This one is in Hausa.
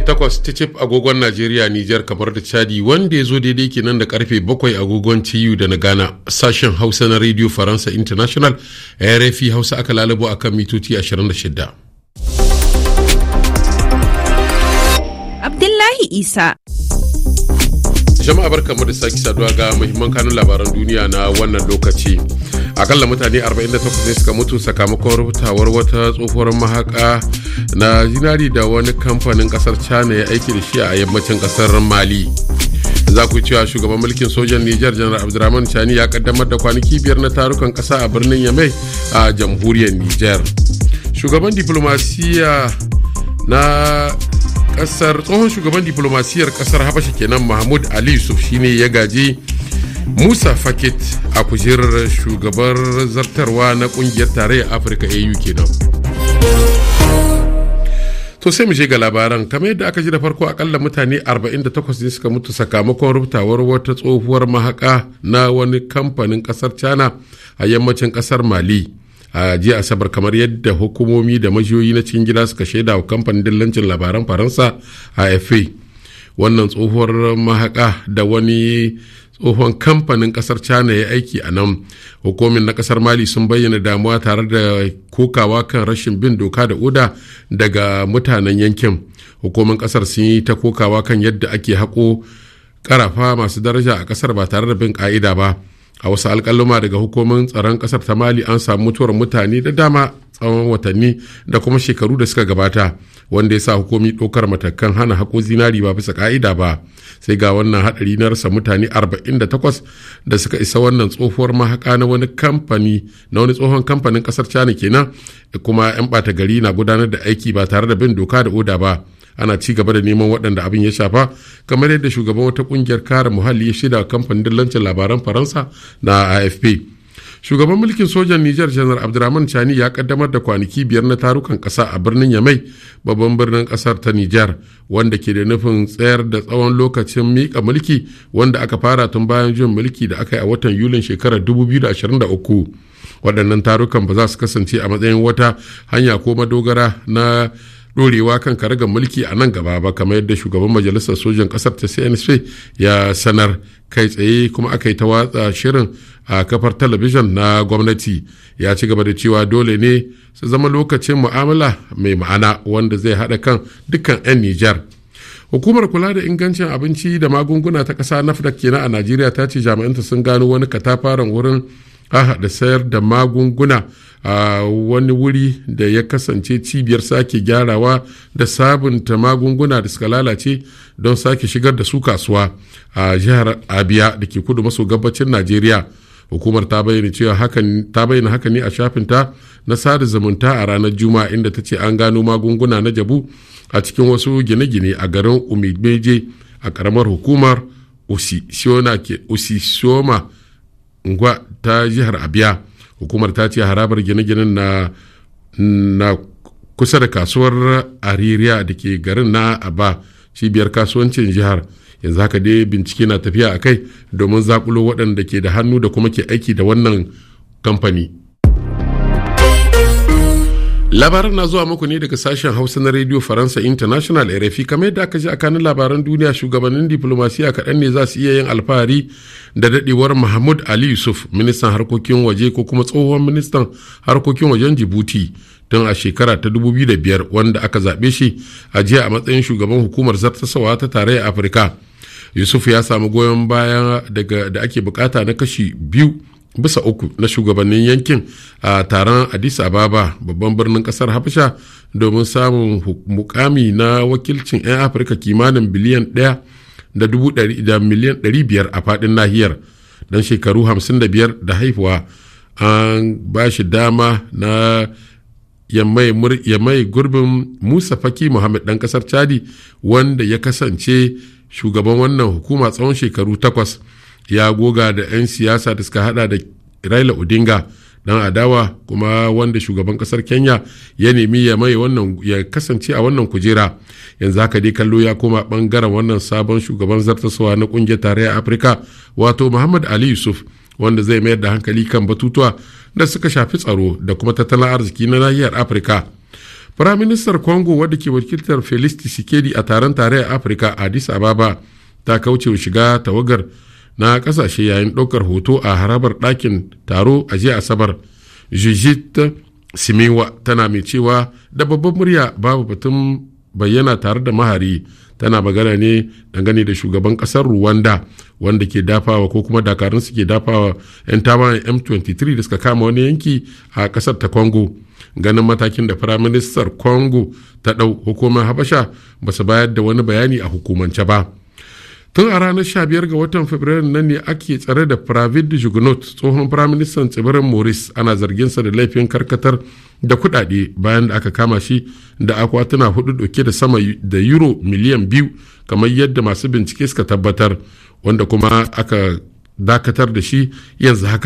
karfe 8 ta cif agogon Najeriya Nijar kamar da Chadi wanda ya zo daidai kenan da karfe 7 agogon TU da na Ghana sashen Hausa na Radio Faransa International RFI Hausa aka lalabo a kan mitoci 26. Abdullahi Isa Jama'a barkamu da sake saduwa ga muhimman kanun labaran duniya na wannan lokaci. akalla mutane 48 ne suka mutu sakamakon rubutawar wata tsohuwar mahaka na zinari da wani kamfanin kasar china ya aiki da shi a yammacin kasar mali za ku cewa shugaban mulkin sojan Niger janar abdurrahman chani ya kaddamar da kwanaki biyar na tarukan kasa a birnin yamai a jamhuriyar Niger. shugaban diplomasiya na kasar tsohon shugaban diplomasiyar kasar habasha kenan mahmud ali yusuf shine ya gaji musa Faket a kujerar shugabar zartarwa na kungiyar tarayyar afirka au kenan to sai mu je ga labaran kamar yadda aka ji da farko akalla mutane 48 ne suka mutu sakamakon rubutawar wata tsohuwar mahaka na wani kamfanin kasar china a yammacin kasar mali a jiya asabar kamar yadda hukumomi da majiyoyi na cikin gida suka shaida wa kamfanin dillancin labaran faransa a wannan tsohuwar mahaka da wani tsohon kamfanin kasar china ya aiki a nan hukumin na kasar mali sun bayyana damuwa tare da kokawa kan rashin bin doka da oda daga mutanen yankin hukumin kasar sun yi ta kokawa kan yadda ake haƙo karafa masu daraja a kasar ba tare da bin ka'ida ba a wasu alkaluma daga hukumar tsaron kasar ta mali an samu mutuwar mutane da dama tsawon watanni da kuma shekaru da suka gabata wanda ya sa hukumi ɗaukar matakan hana hako zinari ba bisa ka'ida ba sai ga wannan haɗari na rasa mutane 48 da suka isa wannan tsohuwar mahaƙa na wani kamfani na wani tsohon kamfanin ƙasar china kenan kuma 'yan ɓata gari na gudanar da aiki ba tare da bin doka da oda ba ana ci gaba da neman waɗanda abin ya shafa kamar yadda shugaban wata ƙungiyar kare muhalli ya shida kamfanin dillancin labaran faransa na afp shugaban mulkin sojan nijar janar abdurrahman chani ya kaddamar da kwanaki biyar na tarukan ƙasa a birnin yamai babban birnin ƙasar ta niger wanda ke da nufin tsayar da tsawon lokacin miƙa mulki wanda aka fara tun bayan jin mulki da aka yi a watan yulin shekarar 2023 waɗannan tarukan ba za su kasance a matsayin wata hanya ko madogara na dorewa kan karagar mulki a nan gaba ba kamar yadda shugaban majalisar sojan kasar ta cnsp ya sanar kai tsaye kuma aka yi ta watsa shirin a kafar talabijin na gwamnati ya ci gaba da cewa dole ne su zama lokacin mu'amala mai ma'ana wanda zai haɗa kan dukkan 'yan nijar hukumar kula da ingancin abinci da magunguna ta ƙasa nafdak kenan a najeriya ta ce jami'anta sun gano wani katafaren wurin a da sayar da magunguna a wani wuri da ya kasance cibiyar sake gyarawa da sabunta magunguna da suka lalace don sake shigar da su kasuwa a jihar abiya da ke kudu maso gabacin najeriya hukumar ta bayyana cewa ta bayyana haka ne a shafinta na sada zumunta a ranar juma'a inda ta ce an gano magunguna na jabu a cikin wasu gine-gine a garin umidmeje a karamar hukumar usisioma unguwa ta jihar abiya hukumar ta ce harabar gine-ginen na na kusa da kasuwar aririya da ke garin na aba cibiyar kasuwancin jihar yanzu haka dai bincike na tafiya a kai domin zakulo waɗanda ke da hannu da kuma ke aiki da wannan kamfani labaran na zuwa muku ne daga sashen hausa na radio faransa international rfi kamar yadda aka ji a kanin labaran duniya shugabannin diplomasiya kaɗan ne za su iya yin alfahari da daɗewar mahmud ali yusuf ministan harkokin waje ko kuma tsohon ministan harkokin wajen jibuti tun a shekara ta 2005 wanda aka zaɓe shi a jiya a matsayin shugaban hukumar zartasawa ta tarayyar afirka yusuf ya samu goyon baya daga da ake bukata na kashi biyu bisa uku na shugabannin yankin a taron addis ababa babban birnin kasar habasha domin samun mukami na wakilcin 'yan afirka kimanin biliyan 1 da miliyan 500 a fadin nahiyar don shekaru 55 da haihuwa an ba shi dama na yammai gurbin musa faki muhammad dan kasar chadi wanda ya kasance shugaban wannan hukuma tsawon shekaru takwas ya goga da 'yan siyasa da suka hada da raila odinga dan adawa kuma wanda shugaban kasar kenya ya nemi ya mai wannan ya kasance a wannan kujera yanzu haka dai kallo ya koma bangaren wannan sabon shugaban zartaswa na kungiyar tarayyar afirka wato muhammad ali yusuf wanda zai mayar da hankali kan batutuwa da suka shafi tsaro da kuma tattalin arziki na nahiyar afirka firaministar congo wadda ke wakiltar felis tshisekedi a taron tarayyar afirka addis ababa ta kauce shiga tawagar na kasashe yayin ɗaukar hoto a harabar ɗakin taro a jiya asabar jujit simewa tana mai cewa da babbar murya babu batun bayyana tare da mahari tana magana ne dangane da shugaban kasar ruwanda wanda ke dafawa ko kuma dakarun su ke dafawa 'yan tawayen m23 da suka kama wani yanki a kasar ta congo ganin matakin da firaministar congo ta ɗau hukumar habasha ba su bayar da wani bayani a hukumance ba tun a ranar 15 ga watan fabrairu nan ne ake tsare da pravid jugnot tsohon firaministan tsibirin maurice ana zarginsa da laifin karkatar da kudade bayan da aka kama shi da akwatuna hudu dauke da sama da euro miliyan biyu kamar yadda masu bincike suka tabbatar wanda kuma aka dakatar da shi yanzu haka